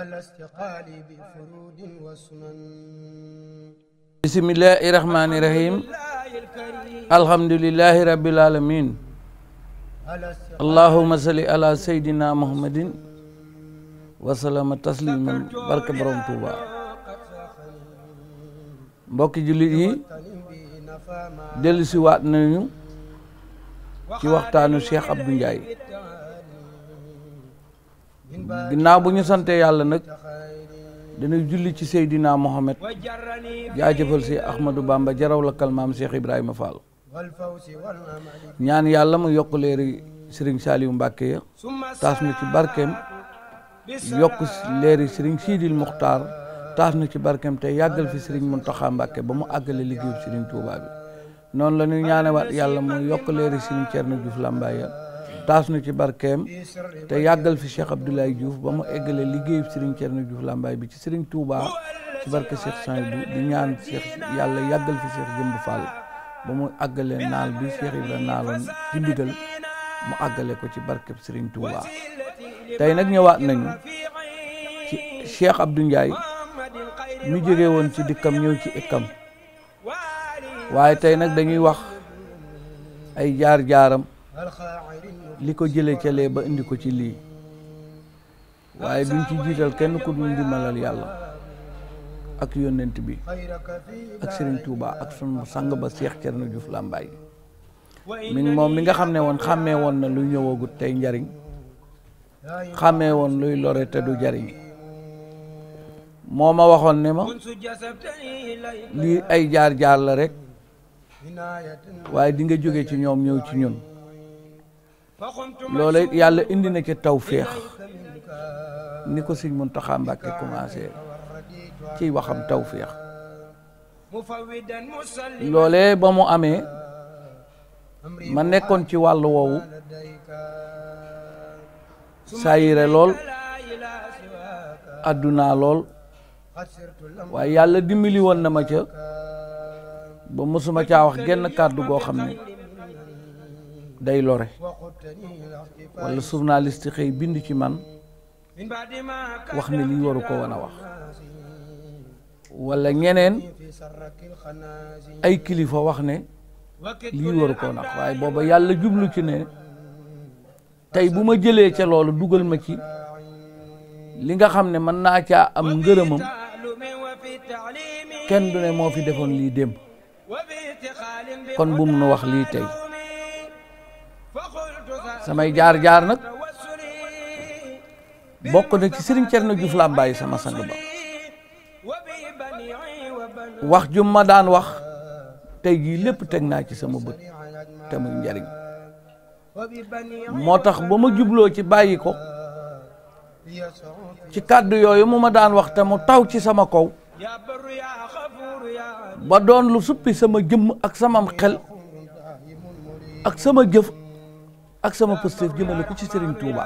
على استقال بفرود وسنن بسم الله الرحمن الرحيم الحمد لله رب العالمين اللهم صل على سيدنا محمد وسلم تسليما بارك بروم توبا mbokki jullit yi dellusi waat nañu ci waxtaanu Cheikh Abdou Ndiaye ginnaaw bu ñu sante yàlla nag dañuy julli ci Seydina Mohamed jaajëfal si Ahmadou Bamba jaraw lakkal maam Cheikh Ibrahima Fall ñaan yàlla mu yokk leeri Serigne Saliou Mbacke ya taas na ci barkeem yokk leeri Serigne Sidil Muxtaar taas na ci barkeem te yàggal fi Serigne Mountakha Mbacke ba mu àggale liggéeyu Serigne Touba bi noonu la ñuy ñaane waat yàlla mu yokk leeri Serigne Thierno Diouf Lambaye ya taas nu ci barkeem te yàggal fi Cheikh Abdoulaye Diouf ba mu eggale liggéeyu Serigne Thierno Diouf Lambaye bi ci Serigne Touba ci barke Cheikh Saint bi di ñaan Cheikh yàlla yàggal fi Cheikh Jëmb Fall ba mu àggale naal bi Cheikh Ibra naaloon ci ndigal mu àggale ko ci barkeb Serigne Touba tey nag ñëwaat nañu ci Cheikh Abdou Ndiaye mi jóge woon ci dikkam ñëw ci ikkam waaye tey nag dañuy wax ay jaar-jaaram li ko jëlee ca lee ba indi ko ci lii waaye duñ ci jiital kenn ku dul ndimbalal yàlla ak yónnent bi ak Serigne Touba ak sunu sang ba seex Thierno Diouf Lambaye mi moom mi nga xam ne woon xàmmee woon na luy ñëwagut tey njariñ xàmmee woon luy lore te du jariñ moo ma waxoon ne ma lii ay jaar jaar la rek waaye di nga jóge ci ñoom ñëw ci ñun loola it yàlla indi na ci tawféex ni ko si sëñ Muntaxa Mbàkke commencé ciy waxam tawféex loole ba mu amee ma nekkoon ci wàllu woowu saayire lool àdduna lool waaye yàlla dimbali woon na ma ca ba mësuma caa wax genn kàddu goo xam ne day lore wala journaliste xëy bind ci man wax ni lii waru ko a wax wala ñeneen ay kilifa wax ne lii waru ko waaye booba yàlla jublu ci ne tey bu ma jëlee ca loolu dugal ma ci li nga xam ne mën naa caa am ngërëmam kenn du ne moo fi defoon lii démb kon bu mu wax lii tey samay jaar-jaar nag bokk na ci Serigne na Diouf bàyyi sama sang wax ju ma daan wax tey jii lépp teg naa ci sama bët te muy njariñ moo tax ba ma jubloo ci bàyyi ko ci kàddu yooyu mu ma daan wax te mu taw ci sama kaw ba doon lu suppi sama jëmm ak samam xel ak sama jëf ak sama pëstéef jëmale ko ci Serigne Touba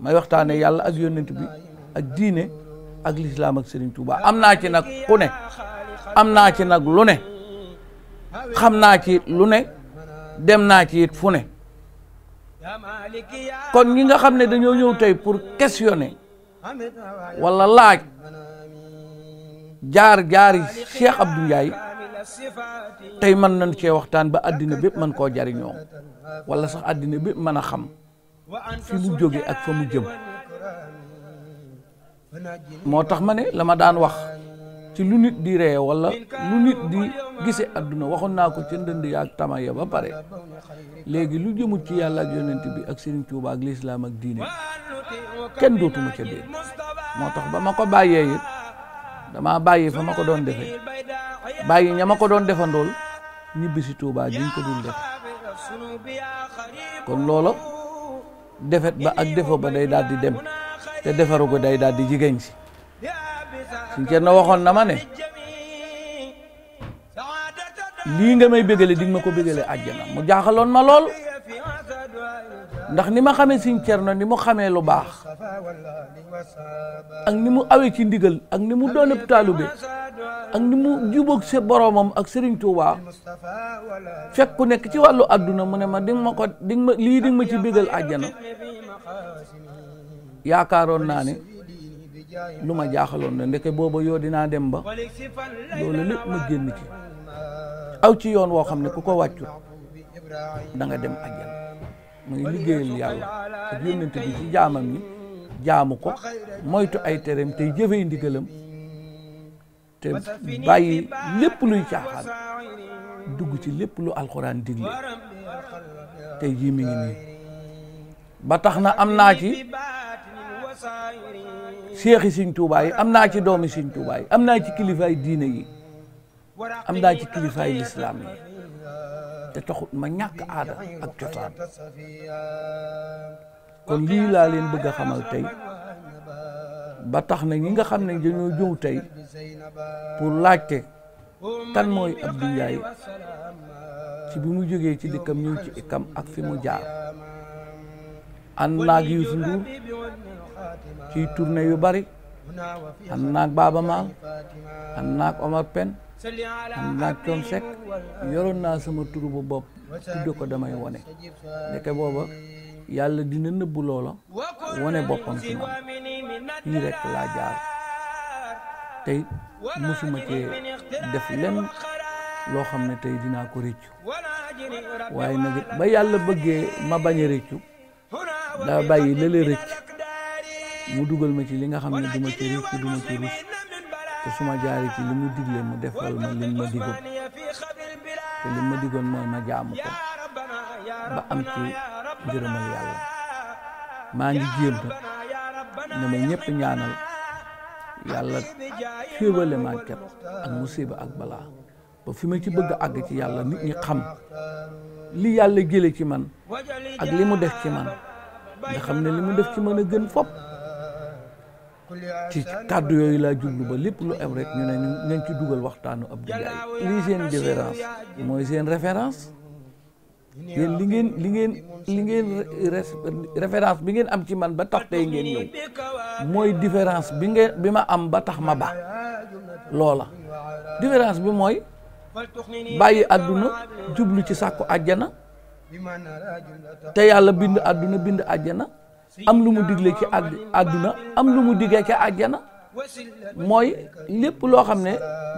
may waxtaane yàlla ak yonent bi ak diine ak lislaam ak Serigne Touba am naa ci nag ku ne am naa ci nag lu ne xam naa ci lu ne dem naa ci it fu ne kon ñi nga xam ne dañoo ñëw tey pour questionner walla laaj jaar jaari Cheikh Abdou Ndiaye tey mën nañ cee waxtaan ba àddina bépp mën koo jariñoo wala sax àddina bépp mën a xam fi mu jóge ak fa mu jëm moo tax ma ne la ma daan wax ci lu nit di ree wala lu nit di gise àdduna waxoon naa ko ca ndënd ya ak tama ya ba pare léegi lu jëmut ci yàlla ak yonent bi ak Serigne Touba ak lislaam ak diine kenn dootuma ca dégg moo tax ba ma ko bàyyee it damaa bàyyi fa ma ko doon defee bàyyi ña ma ko doon defandool ñibbi si Touba gi ñu ko dul def kon loola defet ba ak defo ba day daal di dem te defaru ko day daal di jigéen si suñ cer na waxoon na ma ne lii nga may bégale di ma ko bégale àjjana mu jaaxaloon ma lool ndax ni ma xamee Sëñ Cerno ni mu xamee lu baax ak ni mu awee ci ndigal ak ni mu doon ab taalibe ak ni mu jubóog sa boromam ak Serigne Touba fekk ku nekk ci wàllu àdduna mu ne ma di ma ko di nga ma lii di ma ci bégal àjjana yaakaaroon naa ne lu ma jaaxaloon na ndeke booba yoo dinaa dem ba loolu lépp ma génn ci aw ci yoon woo xam ne ku ko wàccut da dem àjjana muy liggéeyal yàlla ak yónnent bi ci jaamam yi jaamu ko moytu ay tereem tey jëfey ndigalam te bàyyi lépp luy caaxaan dugg ci lépp lu alxuraan digle tey jii mi ngi nii ba tax na am naa ci seexi Sëñ Tuubaa am naa ci doomi Sëñ Tuubaa am naa ci kilifaay diine yi am naa ci kilifaay lislaam te taxut ma ñàkk aada ak cosaan kon lii laa leen bëgg a xamal tey ba tax na ñi nga xam ne dañoo jëw tey pour laajte kan mooy Abdou Ndiaye ci bi mu jógee ci dëkkam ñëw ci ikam ak fi mu jaar ànd naag Youssou Ndour ci tournée yu bari ànd naag Baaba Maal ànd naag Omar Pène ànd naag Thione yoroon naa sama tur bu bopp tudde ko damay wone ndeke booba yàlla dina nëbb loola wone boppam ci man fii rek laa jaar tey suma cee def lenn loo xam ne tey dinaa ko rëccu waaye nag ba yàlla bëggee ma bañ a rëccu daa bàyyi lële rëcc mu dugal ma ci li nga xam ne duma ci rëccu duma ci rus te su ma jaaree ci li mu digle mu defal ma lim ma digoon te lim ma digoon mooy ma jaamu ko ba am ci ngërëmal yàlla maa ngi jéem na ma ñëpp ñaanal yàlla xéewale ma ak musiba ak balaa ba fi ma ci bëgg a ci yàlla nit ñi xam li yàlla jële ci man ak li mu def ci man xam ne li mu def ci man a gën fopp ci kàddu yooyu laa jublu ba lépp lu am rek ñu ne nañ ci dugal waxtaanu Abdou Ndiaye lii seen différence mooy seen référence li ngeen li ngeen li ngeen référence bi ngeen am ci man ba tax tey ngeen ñëw mooy différence bi ngeen bi ma am ba tax ma ba loola différence bi mooy bàyyi àdduna jublu ci sàkku àjjana te yàlla bind àdduna bind àjjana am lu mu digle ci àdduna am lu mu diggee ca àjjana mooy lépp loo xam ne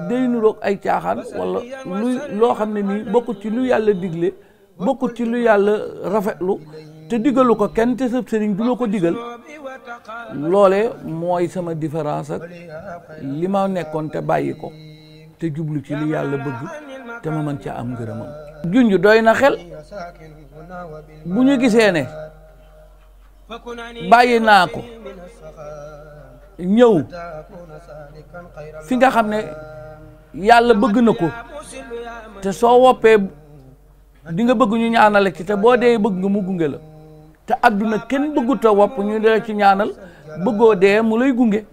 day nuroog ay caaxaan wala luy loo xam ne nii bokkut ci lu yàlla digle bokkut ci lu yàlla rafetlu te digalu ko kenn te sa sëriñ du la ko digal loole mooy sama différence ak li ma nekkoon te bàyyi ko te jublu ci li yàlla bëgg te ma mën ca am ngërëmam junj doy na xel bu ñu gisee ne bàyyi naa ko ñëw fi nga xam ne yàlla bëgg na ko te soo woppee di nga bëgg ñu ñaanal ci te boo dee bëgg nga mu gunge la te adduna kenn bëggut a wopp ñu dee ci ñaanal bëggoo dee mu lay gunge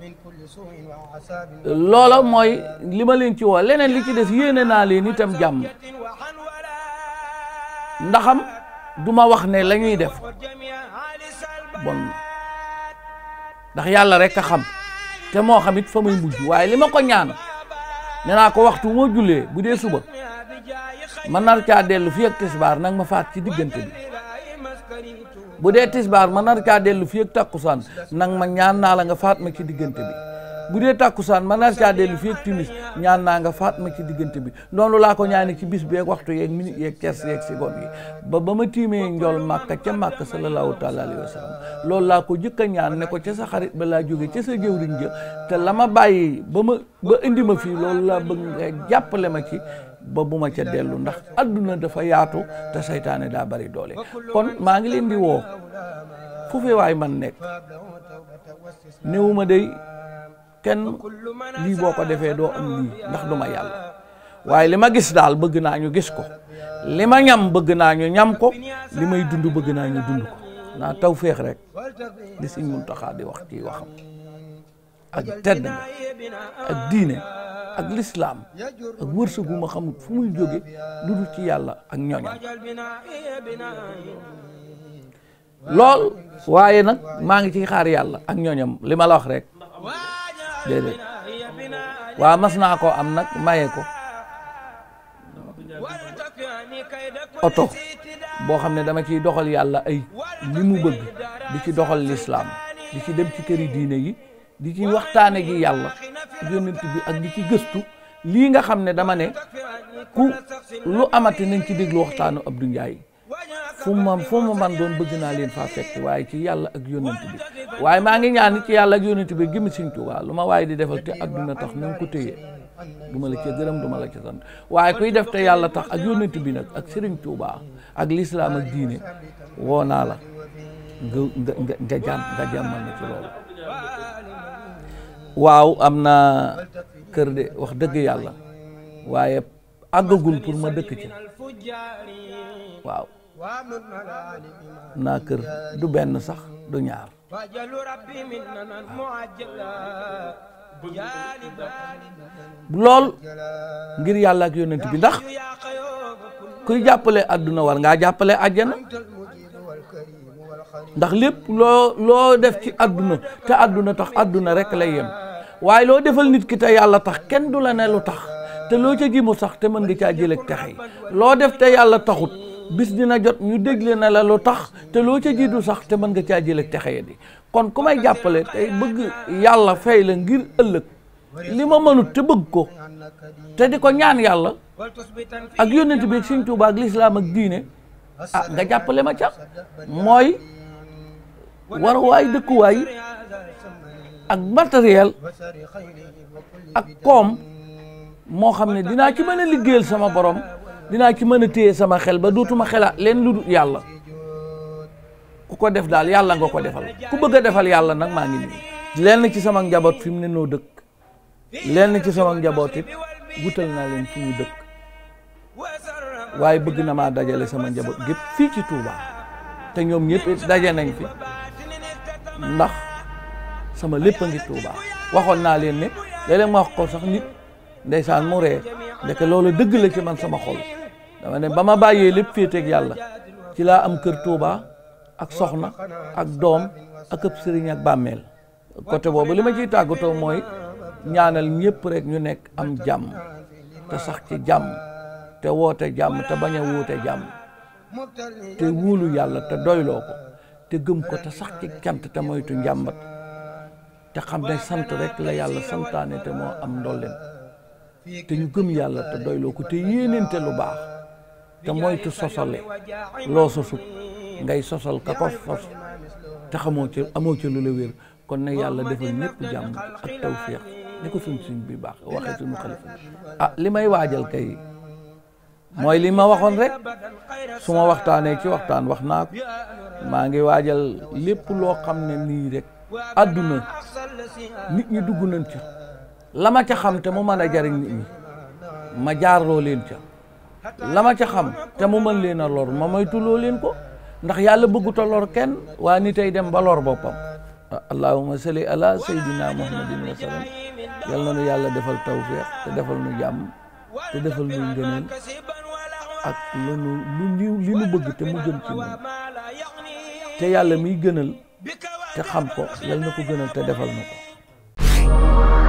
loola mooy li ma leen ci woo leneen li ci des yéene naa leen itam jàmm ndaxam du ma wax ne lañuy def bon ndax yàlla rek a xam te moo xam it fa muy mujj waaye li ma ko ñaan nee naa ko waxtu moo julee bu dee suba ma nar caa dellu fii ak tisbaar nag ma faat ci diggante bi bu dee tisbaar ma nar caa dellu fii takkusaan nang ma ñaan naa la nga faat ma ci diggante bi bu dee takkusaan ma nar caa dellu fii ak timis ñaan naa nga faat ma ci diggante bi noonu laa ko ñaane ci bis beeg waxtu yeeg minute yeeg kees yeeg seconde ba ba ma tiime njool màkka ca màkka sallallahu taala alayhi wa sallam loolu laa ko jëkk a ñaan ne ko ca sa xarit ba laa jóge ca sa jëwriñ ja te la ma bàyyi ba ma ba indi ma fii loolu laa bëgg jàppale ma ci ba bu ma ca dellu ndax adduna dafa yaatu te seytaane daa bari doole kon maa ngi leen di woo fu fi waay man nekk néewuma day kenn lii boo ko defee doo am lii ndax du ma yàlla waaye li ma gis daal bëgg naa ñu gis ko li ma ñam bëgg naa ñu ñam ko li may dund bëgg naa ñu dund ko naa taw féex rek li Sëñ Muntaxa di wax ci waxam ak tedd ak diine ak lislaam ak wërsëgu ma xamul fu muy jóge ci yàlla ak ñooñam lool waaye nag maa ngi ciy xaar yàlla ak ñooñam li ma la wax rek waa mas naa koo am nag maye ko oto boo xam ne dama ciy doxal yàlla ay li mu bëgg di ci doxal lislaam di ci dem ci këri diine gi di ci waxtaane gi yàlla ak yonent bi ak di ci gëstu lii nga xam ne dama ne ku lu amati nañ ci déglu waxtaanu Abdou Ndiaye fu ma man doon bëgg naa leen faa fekk waaye ci yàlla ak yonent bi waaye maa ngi ñaan ci yàlla ak yonent bi gëmmi Sëñ Tuubaa lu ma waaye di defal te adduna tax nu ngi ko téye duma la ca gërëm duma la ca sant waaye kuy def te yàlla tax ak yonent bi nag ak Sëriñ Tuubaa ak lislaam ak diine woo naa la nga nga nga jàmm ci loolu waaw am naa kër de wax dëgg yàlla waaye àggagul pour ma dëkk ci waaw naa kër du benn sax du ñaar lool ngir yàlla ak yonent bi ndax kuy jàppale àdduna war ngaa jàppale àjjana ndax lépp loo loo def ci àdduna te àdduna tax àdduna rek lay yem waaye loo defal nit ki te yàlla tax kenn du la ne lu tax te loo ca ji mu sax te mën nga caa jële ak texe loo def te yàlla taxut bis dina jot ñu dégle na la lu tax te loo ca jiitu sax te mën nga caa jël ak texe di kon ku may jàppale tey bëgg yàlla fay la ngir ëllëg li ma mënut te bëgg ko te di ko ñaan yàlla ak yónnent bi ak Sëñ Tuubaa ak lislaam ak diine ah nga jàppale ma ca mooy waruwaay dëkkuwaay ak materiel ak koom moo xam ne dinaa ci mën a liggéeyal sama borom dinaa ci mën a téye sama xel ba dootuma xelaat leen lu dul yàlla ku ko def daal yàlla nga ko defal ku bëgg a defal yàlla nag maa ngi nii lenn ci sama njaboot fi mu ne noo dëkk lenn ci sama njaboot it wutal naa leen fi dëkk waaye bëgg na maa dajale sama njaboot gépp fii ci Touba te ñoom ñëpp daje nañ fi ndax sama lépp a ngi Tuubaa waxoon naa leen ne léeg-léeg ma wax ko sax nit ndeysaan mu ree ndek loolu dëgg la ci man sama xol dama ne ba ma bàyyee lépp féeteeg yàlla ci laa am kër Tuubaa ak soxna ak doom ak ëpp sëriñ ak bàmmeel côté boobu li ma ciy tàggatoo mooy ñaanal ñëpp rekk ñu nekk am jàmm te sax ci jàmm te woote jàmm te bañ a woote jàmm te wuulu yàlla te doyloo ko te gëm ko te sax ci cant te moytu njàmbat te xam ne sant rek la yàlla santaane te moo am ndolleen te ñu gëm yàlla te doyloo ko te yéenente lu baax te moytu sosale loo sosut ngay sosal ka ko sos te xamoo ci amoo ci lu la wér kon ne yàlla defal ñëpp jàmm ak tawféex ni ko suñ suñ bi baax waxee suñu xalifa ah li may waajal kay mooy lii ma waxoon rek su ma waxtaanee ci waxtaan wax naa ko maa ngi waajal lépp loo xam ne nii rek àdduna nit ñi dugg nañ ca la ma ca xam te mu man a jariñ nit ñi ma jaarloo leen ca lama ca xam te mu mën leen a lor ma moytuloo leen ko ndax yàlla bëggut a lor kenn waa ni tey dem ba lor boppam allahumma salli ala sayyidina muhammadin wa yal na nu yàlla defal tawfiq te defal nu jàmm te defal nu ngëneel ak lanu lu bëgg te mu gën ci ñun te yàlla miy gënal te xam ko yal na ko gënal te defal na